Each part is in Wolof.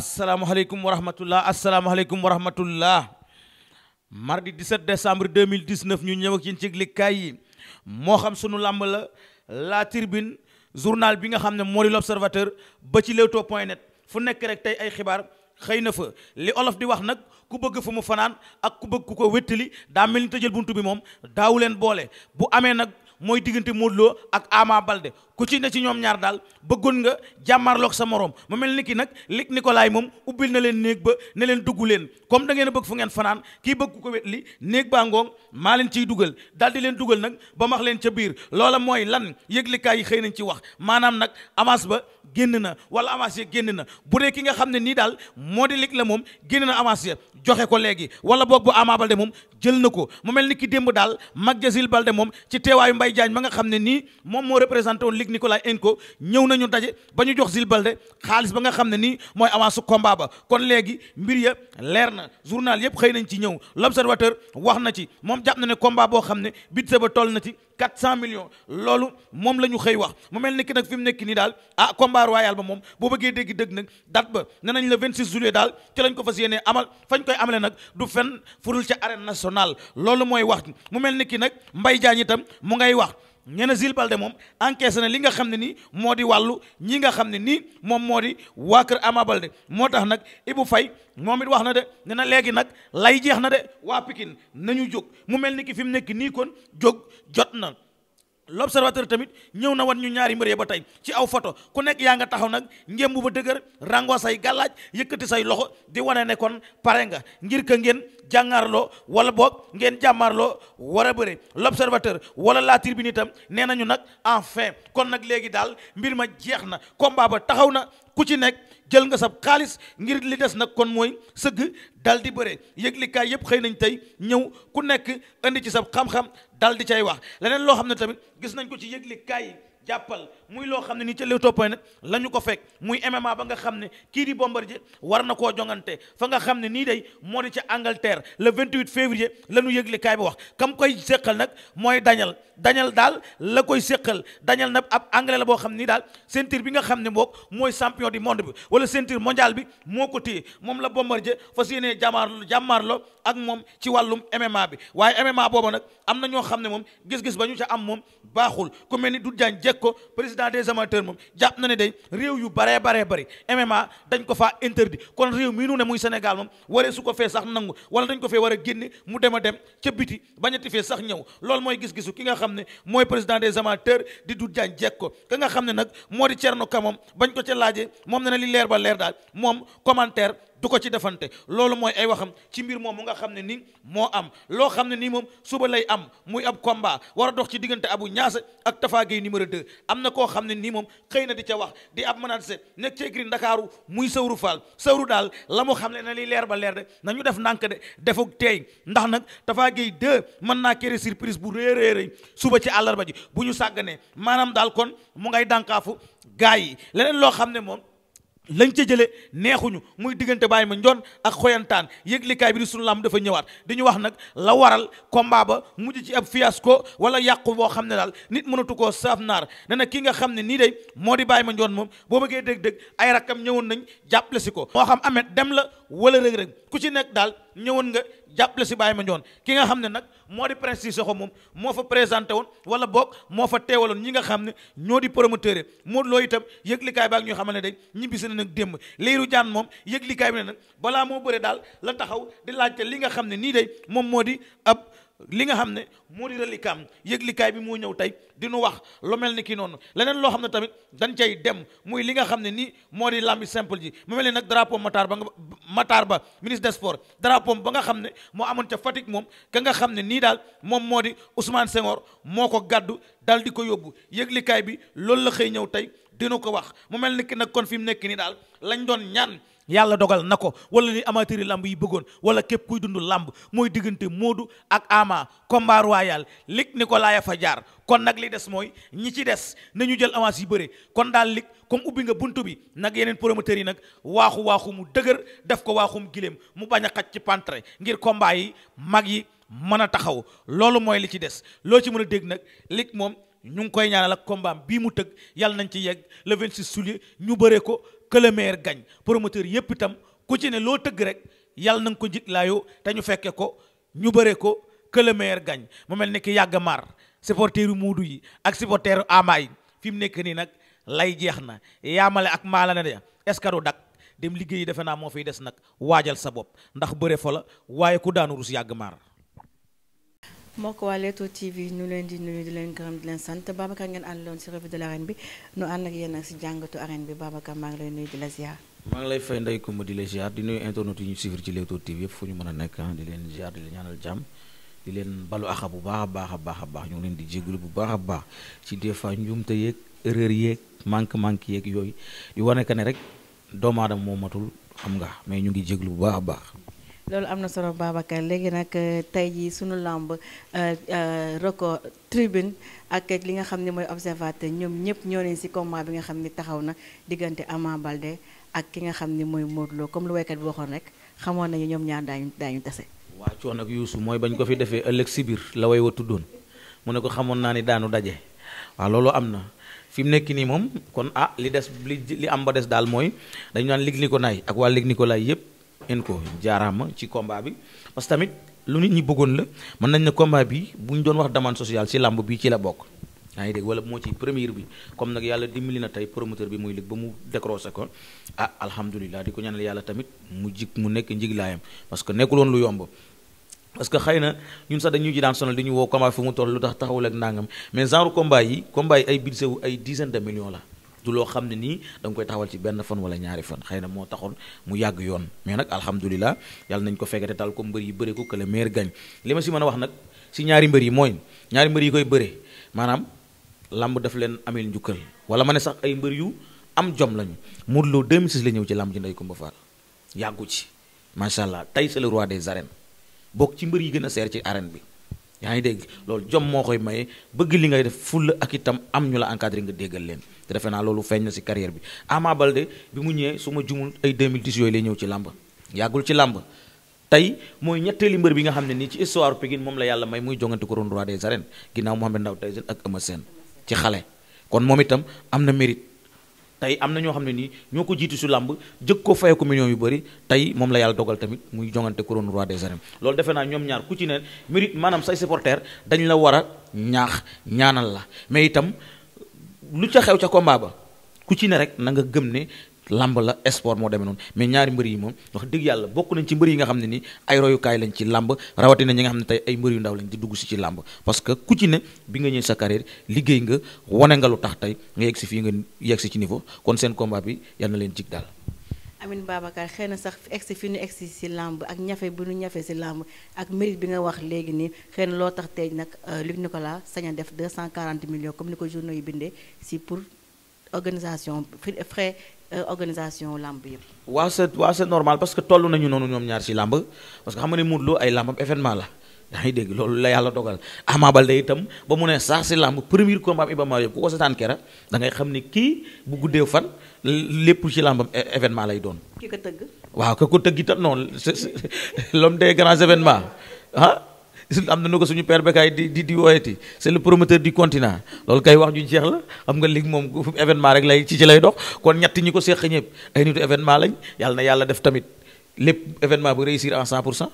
asalaamaaleykum wa rahmatullah asalaamaaleykum wa rahmatullah mardi mille décembre 2019 ñu ñëw ak yéen ci yëglikaay yi moo xam sunu làmb la la tribune journal bi nga xam ne moo di l'observateur ba ci leewtoo point net fu nekk rek tey ay xibaar xëy na fa li olof di wax nag ku bëgg fu mu fanaan ak ku bëgg ku ko wéttali daa mel ni tëjël buntu bi moom daawu leen boole bu amee nag mooy diggante Modou ak Ama Balde ku ci ne ci ñoom ñaar daal bëggoon nga jàmmarloog sa moroom mu mel ni ki nag Luc Nicolaï moom ubbil na leen néeg ba ne leen dugg leen comme da ngeen a bëgg fu ngeen fanaan kii bëgg ku ko wet li néeg baa ngoog maa leen ciy dugal daal di leen dugal nag ba max leen ca biir loola mooy lan yëglikaay yi xëy nañ ci wax maanaam nag avance ba génn na wala avance ya génn na bu dee ki nga xam ne nii daal moo di Luc la moom génn na avance ya joxe ko léegi wala boog bu Ama moom jël na ko mu mel ni ki démb daal Magdiazil Baldé moom ci teewaayu Mbaye Diagne ma nga xam ne nii moom moo représenté woon Nicolas Enko ñëw nañu daje ba ñu jox Jules xaalis ba nga xam ne nii mooy avance su combat ba kon léegi mbir ya leer na journal yëpp xëy nañ ci ñëw l'observateur wax na ci moom jàpp na ne combat boo xam ne budget ba toll na ci 400 million loolu moom la ñu xëy wax mu mel ni ki nag fi mu nekk nii daal ah combat royal ba moom boo bëggee dégg dëgg nag date ba ne nañ le 26 juillet daal ci lañ ko fas yéenee amal fañ koy amale nag du fenn furul ca arène nationale loolu mooy wax mu mel ni ki nag Mbaye mu ngay wax ñu ne Zil Balde moom encaissé na li nga xam ne nii moo di wàllu ñi nga xam ne nii moom moo di waa kër Ama Balde moo tax nag Ibou fay moom it wax na de ne na léegi nag lay jeex na de waa Pikine nañu jóg mu mel ni ki fi mu nekk nii kon jóg jot na. l'observateur tamit ñëw na wan ñu ñaari mbër ba tey ci aw foto ku nekk yaa nga taxaw nag ngémb ba dëgër rango say gàllaaj yëkkati say loxo di wane ne kon pare nga ngir ka ngeen jàngaarloo wala boog ngeen jàmmaarloo war a bëre l'observateur wala la tribune itam nee nañu nag enfin kon nag léegi daal mbir ma jeex na combat ba taxaw na ku ci nekk jël nga sab xaalis ngir li des nag kon mooy sëgg dal di bëre yëglikaay yëpp xëy nañ tey ñëw ku nekk indi ci sab xam-xam dal di cay wax leneen loo xam ne tamit gis nañ ko ci yëglikaay yi jàppal muy loo xam ne nii ca Leewtoo point net la ñu ko fekk muy MMA ba nga xam ne kii di Bombardier war na koo jongante fa nga xam ne nii day moo di ca Angleterre le 28 février la ñu yëgle kaay bi wax kam koy séqal nag mooy dañal dañal daal la koy séqal dañal nag ab anglais la boo xam nii daal ceinture bi nga xam ne boog mooy champion du monde bi wala ceinture mondiale bi moo ko téye moom la Bombardier fas yéenee jàmmaarlo jàmmaarlo ak moom ci wàllum MMA bi waaye MMA booba nag am na ñoo xam ne moom gis-gis ba ñu ca am moom baaxul ku mel ni du jaan jég ko président des amateurs moom jàpp na ne day réew yu baree baree bari MMA dañ ko faa interdit kon réew mii nu ne muy Sénégal moom waree su ko fee sax nangu wala dañ ko fee war a génne mu dem a dem ca biti bañati fee sax ñëw loolu mooy gis-gisu ki nga xam ne mooy président des amateurs di du jaan jég ko ka nga xam ne nag moo di Cerno Ka moom bañ ko ca laajee moom ne na li leer ba daal moom commentaire du ko ci defante loolu mooy ay waxam ci mbir moom mu nga xam ne nii moo am loo xam ne nii moom suba lay am muy ab combat war a dox ci diggante abu ñaase ak Tafa Gueye numéro 2 am na koo xam ne nii moom xëy na di ca wax di ab menace nekk ci écurie Ndakaaru muy Sawru Fall Sawru daal la mu xam ne na li leer ba leer de nañu def ndànk de defuk teey ndax nag Tafa Gueye 2 mën naa kéré surprise bu réy réy suba ci àllarba ji bu ñu sàgganee maanaam daal kon mu ngay dànkaafu gaa yi leneen loo xam ne moom lañ ca jële neexuñu muy diggante bàyyi ma njoon ak xoyantaan yëglikaay bi di sunu lamb dafa ñëwaat dañu wax nag la waral combat ba mujj ci ab fiasco wala yàqu boo xam ne daal nit mënatu koo saaf naar ne na ki nga xam ne nii day moo di bàyyi ma njoon moom boo bëggee dëgg-dëgg ay rakkam ñëwoon nañ jàppale si ko moo xam amet dem la wala rëg rek ku ci nekk daal ñëwoon nga jàppale si ma Mandione ki nga xam ne nag moo di Prince Sissoko moom moo fa présenté woon wala boog moo fa teewaloon ñi nga xam ne ñoo di promoteur yi moo loo itam yëglikaay baak ñu xamal ne day ñibbisi na nag démb liiru jaan moom yëglikaay bi ne nag balaa moo bëre daal la taxaw di laajte li nga xam ne nii day moom moo di ab li nga xam ne moo di relikaam yëglikaay bi moo ñëw tey di nu wax lu mel ni kii noonu leneen loo xam ne tamit dañ cay dem muy li nga xam ne nii moo di lambi simple ji mu mel ni nag drapeau Matar ba nga Matar ba ministre des sports drapeau ba nga xam ne moo amoon ca Fatick moom ka nga xam ne nii daal moom moo di Ousmane Senghor moo ko gàddu daal di ko yóbbu yëglikaay bi loolu la xëy ñëw tey dina ko wax mu mel ni ki nag kon fi mu nekk nii daal lañ doon ñaan yàlla dogal na ko wala li amateur lamb yi bëggoon wala képp kuy dund làmb mooy diggante Modou ak Ama combat royal lig ni ko laaya fa jaar kon nag li des mooy ñi ci des nañu jël avance yi bëre kon daal lig comme ubbi nga buntu bi nag yeneen promoteurs yi nag waaxu waaxu mu dëgër def ko waaxum giléem mu bañ a xaj ci pantre ngir combat yi mag yi mën a taxaw loolu mooy li ci des loo ci mën a dégg nag lig moom ñu ngi koy ñaanal ak combat bii mu tëgg yàlla nañ ci yegg le 26 juillet ñu bëree ko que le gagne promoteur yépp itam ku ci ne loo tëgg rek yàlla na ko njiglaayoo te ñu fekke ko ñu bëre ko que le mu mel ni ki yàgg maar supporteeru muudu yi ak supporteeru ama yi fi mu nekk nii nag lay jeex na yaamale ak maala na de eskado dak dem liggéey defe naa moo fiy des nag waajal sa bopp ndax bëre fa la waaye ku daanu rus yàgg maar mbokk waa Leewtoo TV ñu leen di nuyu di leen gërëm di leen sant Babacar ngeen àndaloon si revue de l'arène bi nu ànd ak yéen ak si jàngatu arène bi Babacar maa ngi lay nuyu di la ziar. maa ngi lay fay ndey Koumba di la ziar a nekk ah, di leen leen ñaanal jàmm di leen balu axa bu baax a baax a baax a baax ñu leen di jégalu bu baax a baax ci des fois njuumte yeeg erreur yeeg manque manque yeeg yooyu di wane que ne rek doomu aadama moo xam nga mais ñu ngi jégalu bu baax a baax loolu am na solo Babacar léegi nag euh, tey jii sunu làmb euh, euh, record tribune ak li nga xam ne mooy observateur ñoom ñëpp ñoo leen ci combat bi nga xam ni taxaw na diggante Ama balde ak ki nga xam ni mooy Modou comme lu waykat bi waxoon rek xamoon nañu ñoom ñaar daañu daañu tase. waa coon ak yuusu mooy bañ ko fi defee ëllëg si biir la way wa tuddoon mu ne ko xamoon naa ni daanu daje waa loolu am na fi mu nekk nii moom kon ah li des li li am ba des daal mooy dañu naan lig ko naay ak waa lig ni ko laay yëpp. Enco jaaraama ci combat bi parce que tamit lu nit ñi bëggoon la mën nañ ne combat bi bu ñu doon wax demande sociale ci làmb bi ci la bokk. yaa ngi dégg wala moo ci première bi comme nag yàlla dimbali na tey promoteur bi muy lig ba mu décroché ko ah alhamdulilah di ko ñaanal yàlla tamit mu jik mu nekk njiglaayam parce que nekkul woon lu yomb. parce que xëy na ñun sax dañu ji daan sonal li ñu woo combat fu mu toll lu tax taxawul ak nangam mais genre combat yi combat yi ay la. du loo xam ne nii da nga koy taxawal ci benn fan wala ñaari fan xay na moo taxoon mu yàgg yoon mais nag alhamdulilah yàlla nañ ko fekkete taal ko mbër yi bëre ko que le meilleur li ma si mën a wax nag ci ñaari mbër yi mooy ñaari mbër yi koy bëre maanaam lamb daf leen ameel njukkal wala ma ne sax ay mbër yu am jom lañu Modou Lo 2006 la ñëw ci lamb ji Ndeye Coumba Fall yàggu ci macha allah tey c'est roi des arènes bokk ci mbër yi gën a seer ci arène bi yaa ngi dégg loolu jom moo koy maye bëgg li ngay def fulla ak itam am ñu la encadré nga déggal leen te defe naa loolu feeñ na si carrière bi Ama Baldé bi mu ñëwee su ma jumul ay 2010 yooyu lay ñëw ci làmb yàggul ci làmb tey mooy ñetteeli mbër bi nga xam ne nii ci histoire Pikine moom la yàlla may muy jongante couronne roi des arènes ginnaaw Mohamed Ndao Tyson ak Eumeu Sène ci xale kon moom itam am na mérite tey am na ñoo xam ne nii ñoo ko jiitu su làmb jëkk ko fayee ko millions yu bëri tey moom la yàlla dogal tamit muy jongante couronne roi des arènes loolu defe naa ñoom ñaar ku ci neen mérite maanaam say supporter dañ la war a ñaax ñaanal la mais itam lu ca xew ca combat ba ku ci ne rek na nga gëm ne lamb la sport moo demee noonu mais ñaari mbër yi moom wax dégg yàlla bokk nañ ci mbër yi nga xam ne ni ay royukaay lañ ci lamb rawatina ñi nga xam ne tey ay mbër yu ndaw lañ di dugg si ci lamb parce que ku ci ne bi nga ñëw sa carrière liggéey nga wane nga lu tax tey nga yegg si fii nga yegg si ci niveau kon seen combat bi yal na leen jig daal. Amin Babacar na sax egsi fi ñu egsi si làmb ak ñafe bu ñu ñafe si làmb ak mérite bi nga wax léegi nii xëy loo tax tey nag euh, Luc Nicolas sañ a def 240 millions comme ni ko journaux yi bindee si pour organisation Euh, organisation làmb yëpp. waa c'est waaw c'est normal parce que toll nañu noonu ñoom ñaar ci làmb parce que xam nga ne Modou ay làmbam événement la. yaa ngi dégg loolu la yàlla dogal Ama Baldé itam ba mu ne sax si làmb premier combat am Ibama yëpp ku ko seetaan kera da ngay xam ni kii bu guddee fan lépp ci làmbam événement lay doon. ki ko tëgg. waaw ka ko tëgg itam noonu l'homme des grands événements ah. am na nu ko suñu père Bekaay di di di woyati c'est le promoteur du continent loolu kay wax juñ jeex la xam nga léegi moom événement rek lay ci ci lay dox kon ñett ñi ko seq ñëpp ay nitu événement lañ yàlla na yàlla def tamit lépp événement bu réussir en 100 pour cent.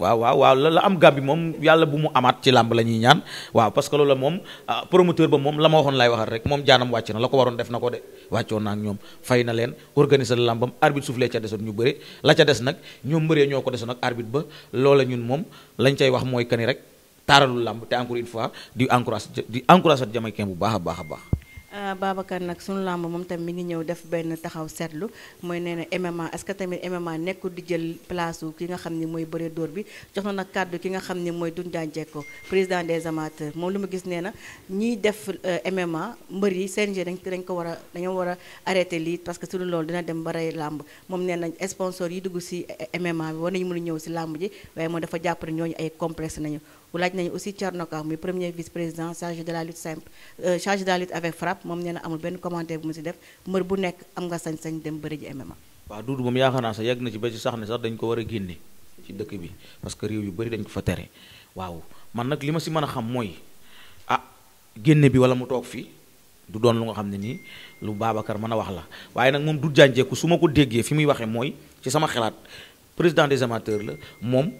waaw waaw waaw la am Gàmbi moom yàlla bu mu amaat ci làmb la ñuy ñaan waaw parce que loolu moom ah, promoteur ba moom la ma waxoon laay waxal rek moom jaanam wàcc na la ko waroon def na ko de wàccoon na ak ñoom fay na leen organiser la làmbam arbitre suuf lee ca desoon ñu bëre la ca des nag ñoom mbëree ñoo ko desoon ak arbitre ba loola ñun moom lañ cay wax mooy kani rek taaralul làmb te encore une fois di encourage di encourage at bu baax a baax a baax Euh, Babacar nag sunu làmb moom tamit mi ngi ñëw def benn taxaw seetlu mooy nee na MMA est que tamit MMA nekkul di jël place ki nga xam ni mooy bëre dóor bi jox nag kàddu ki nga xam ni mooy Doudou Ndiaye Diecko président des amateurs moom lu ma gis nee na ñiy def euh, MMA mbër yi CNG dañ dañ ko war a dañoo war a arrêté lii parce que sunu loolu dina dem ba làmb moom nee na sponsor yi dugg si MMA bi war nañu mën a ñëw si làmb ji waaye moo dafa jàpp ñooñu ay complexe nañu bu laaj nañu aussi Thierno Ka muy premier vice président chargé de la lutte simple euh, chargé de la lutte avec frappe moom nee amul benn commentaire bu mu si def mbër bu nekk am nga sañ-sañ dem bëri ji MMA. waaw Doudou moom yaakaar naa sax yegg na ci ba ci sax ne sax dañ ko war a génne ci dëkk bi parce que réew yu bëri dañ ko fa tere waaw man nag li ma si mën a xam mooy ah génne bi wala mu toog fii. du doon lu nga xam ne nii lu Babacar mën a wax la waaye nag moom du jànjeeku su ma ko déggee fi muy waxee mooy ci sama xalaat président des amateurs la moom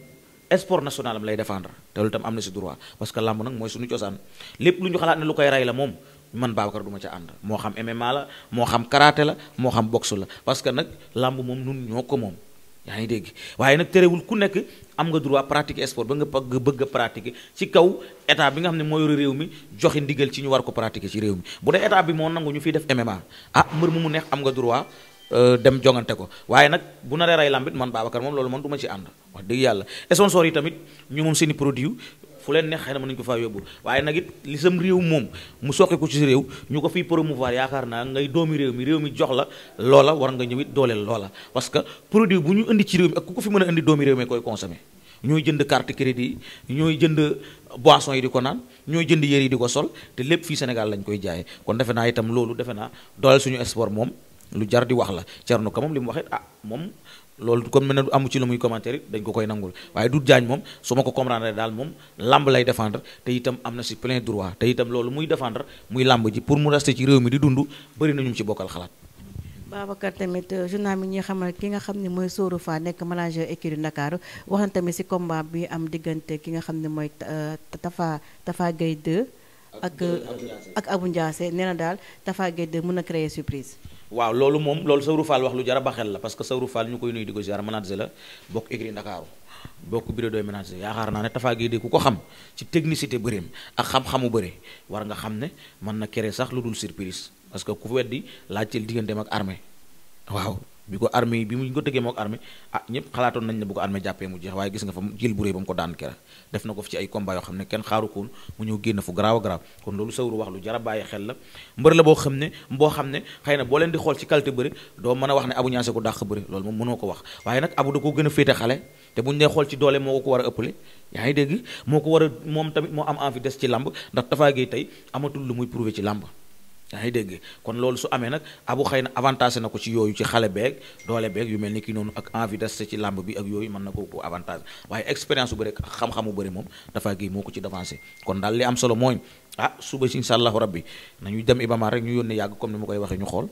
sport national am lay défendre te loolu tam am na si droit parce que làmb nag mooy suñu cosaan lépp lu ñu xalaat ne lu koy rey la moom man Babacar du ma ca ànd moo xam MMA la moo xam karaté la moo xam boxe la parce que nag làmb moom nun ñoo ko moom yaa ngi dégg waaye nag terewul ku nekk am nga droit pratiquer sport ba nga bëgg bëgg pratique ci kaw état bi nga xam ne moo yore réew mi joxi ndigal ci ñu war ko pratique ci réew mi bu dee état bi moo nangu ñu fiy def MMA ah mbër mu mu am nga droit Euh, dem jongante ko waaye nag bu naree rey lambit man Babacar moom loolu man du ci ànd wax dëgg yàlla sponsor yi tamit ñu moom seen i produit fu leen neex xëy na mën nañu ko faa yóbbu waaye nag it li sam réew moom mu soqe ko ci réew ñu ko fiy promouvoir yaakaar naa ngay doomi réew mi réew mi jox la loola war nga ñëw it dooleel loola parce que produit bu ñu indi ci réew mi ak ku ko fi mën a indi doomi réew mi koy consommer ñooy jënd kart crédit yi ñooy jënd boisson yi di ko naan ñooy jënd yére yi di ko sol te lépp fii Sénégal lañ koy jaaye kon defe naa itam loolu defe naa dooleel suñu sport moom lu jar di wax la Thierno Ka moom li mu waxee ah moom loolu comme ne du amu ci lu muy commentaire dañ ko koy nangul waaye du jaañ moom su ma ko comprendre daal moom lamb lay défendre te itam am na si plein droit te itam loolu muy défendre muy lamb ji pour mu rester ci réew mi di dund bëri na ñu ci bokkal xalaat. Babacar tamit euh, journal mi ñuy xamal ki nga xam ne mooy Soro Fa nekk manager écurie Ndakaaru wax na tamit ci combat bi am diggante ki nga xam ne mooy euh, Tafa Tafa Gueye 2 ak ak Abou nee na daal Tafa Gueye mën na créer surprise waaw loolu moom loolu Sawru Fall wax lu jar a baxel la parce que Sawru Fall ñu koy nuyu di ko ziar manager la bokk écurie Ndakaaru bokk bureau de manager yaakaar naa ne Tapha Guèye de ku ko xam ci technicité bëreem ak xam-xamu bëre war nga xam ne mën na kere sax lu dul surprise parce que ku weddi laajteel digganteem ak armée waaw bi ko armée bi mu ko tëggee mook armée ah ñëpp xalaatoon nañ ne bu ko armée jàppee mu jeex waaye gis nga fa jël bu ba mu ko daan kera def na ko fi ci ay combat yoo xam ne kenn xaaru koon mu ñëw génn fu garaaw a garaaw kon loolu sawru wax lu jara bàyyi xel la mbër la boo xam ne boo xam ne xëy na boo leen di xool ci qualité bëri doo mën a wax ne abu ñaase ko dàq bëri loolu moom mënoo ko wax waaye nag abu da ko gën a féete xale te buñ ne xool ci doole moo ko war a ëppale yaa moo ko war a moom tamit moo am envie des ci làmb ndax Tapha Gueye tey amatul lu muy prouver ci làmb yaa ngi dégg kon loolu su amee nag abu xëy na avantage na ko ci yooyu ci xale beeg doole beeg yu mel ni ki noonu ak envie des ci làmb bi ak yooyu mën na ko ko avantage waaye expérience bu bëri xam-xamu bëri moom dafa gi moo ko ci devancé kon daal li am solo mooy ah suba si incha allahu rabbi nañu dem Ibamar rek ñu yónnee yàgg comme ni ma koy waxee ñu xool.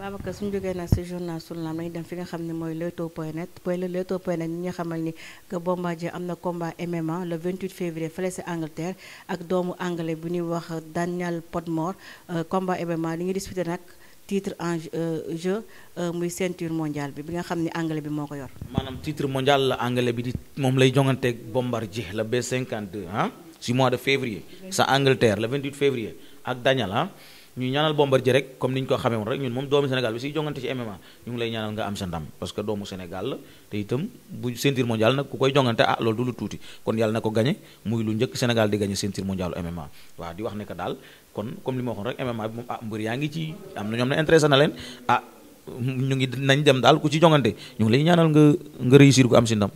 Babacar suñu jógee nag si journal sunu lamb lañu dem fi nga xam ne mooy Leewtoo point net point le Leewtoo point net ñi nga xamal ni que Bombardier am na combat MMA le 28 février fële si Angleterre ak doomu anglais bu ñuy wax Daniel Podmore euh, combat MMA li ñuy disputé nag titre en jeu euh, euh, muy ceinture mondiale bi bi nga xam ne anglais bi moo ko yor. maanaam titre mondial la bi di moom lay jonganteeg Bombardier la B52 ah si mois de février. sa Angleterre le 28 février ak Daniel ñu ñaanal Bombardier rek comme ni ñu ko xamee woon rek ñun moom doomu Sénégal bi siy jongante ci MMA ñu ngi lay ñaanal nga am sa ndam parce que doomu Sénégal te itam bu ceinture mondial nag ku koy jongante ah loolu du lu tuuti kon yàlla na ko gañe muy lu njëkk Sénégal di gañe ceinture mondial MMA waaw di wax ne que daal kon comme li ma waxoon rek MMA bi moom ah mbër yaa ngi ci am na ñoom ne intéressé na leen ah ñu ngi nañ dem daal ku ci jongante ñu ngi lay ñaanal nga nga réussir ko am si ndam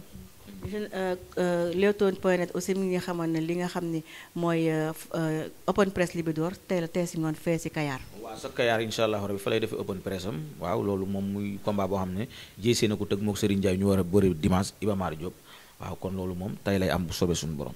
Euh, euh, Leewtoo point net aussi mi ngi xamoon ne li nga xam ne mooy euh, open press Libidor tey la tey si noonu fee si Kayar. waaw sa Kayar incha allah rabi fa lay defee open press am waaw loolu moom muy combat boo xam ne jéesee na ko tëgg moo Serigne Ndiaye ñu war a bëri dimanche Iba Mar Diop waaw kon loolu moom tey lay am bu soobee suñu borom.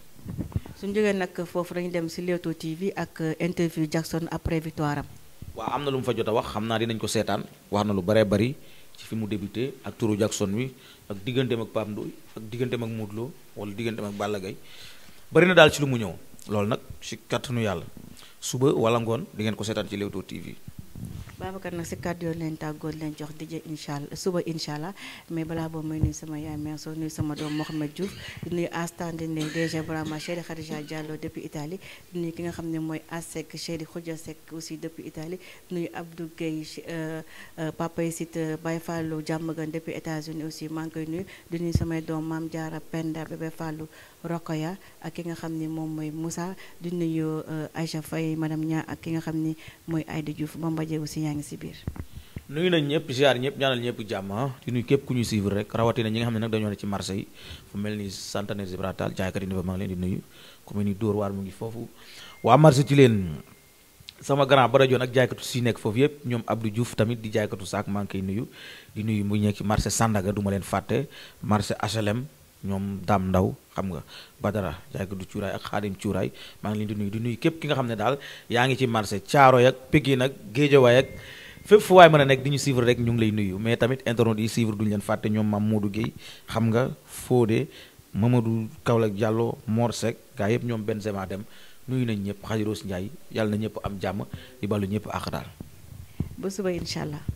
suñu jógee nag foofu dañu dem si Leewtoo TV ak interview Jackson après victoire am. waa am na lu mu fa jot a wax xam naa dinañ ko seetaan wax na lu bëree bëri. ci fi mu débuté ak turu Jackson wi ak digganteem ak Pape ak digganteem ak Modou Lo wala digganteem ak Balla Gaye bari daal ci lu mu ñëw loolu nag ci kattanu yàlla suba wala ngoon di ngeen ko seetaan ci Leewtoo TV. Babacar nag si kàddu yoon leen tàggoon leen jox dijee incha allah suba incha allah mais balaa boobu may nuyu sama yaay Merso nuyu sama doom Mouhamed Diouf di nuyu astandi ne DG Brahma Cheikh Khadija Diallo depuis Italie di nuyu ki nga xam ne mooy Asek Cheikh Khoudia Seck aussi depuis euh, euh, papa yi site euh, Baye Fallou Diamaguène depuis États-Unis aussi maa ngi koy nuyu di nuyu samay doom Maam Diarra Penda Bébé Fallou Rokhaya ak ki nga xam ni moom mooy Moussa di nuyu Aïcha Faye madame Nia ak ki nga xam ne mooy Aïda Diouf Bamba Dieng aussi yaa si biir. nuyu nañ ñëpp ziar ñëpp ñaanal ñëpp jàmm ah. di nuyu képp ku ñu suivre rek rawatina ñi nga xam ne nag dañoo ne ci marché yi fu mel ni centenaire Ibra Tall jaaykat yi ni ba sama grand ba rajoon ak jaaykatu si nekk foofu yëpp ñoom Abdou Diouf tamit di jaaykatu saak maa ngi koy nuyu di nuyu mu nekk ci marché Sandaga du ma leen fàtte marché HLM ñoom daam Ndaw xam nga Badara jaaykat du cuuraay ak Xaadim cuuraay maa ngi leen di nuy di nuyu képp ki nga xam ne daal yaa ngi ci marché Caaroy ak Pikine ak Géejawaay ak fépp fu waay mën a nekk di ñu suivre rek ñu ngi lay nuyu mais tamit internet yi suivre duñu leen fàtte ñoom Mame Modou Guèye xam nga Fodé Mamadou Kaolack jàlloo Mor Seck gaa yëpp ñoom Benzema dem nuyu nañ ñëpp Xadiroos Ndiaye yàlla na ñëpp am jàmm di balu ñëpp àq daal.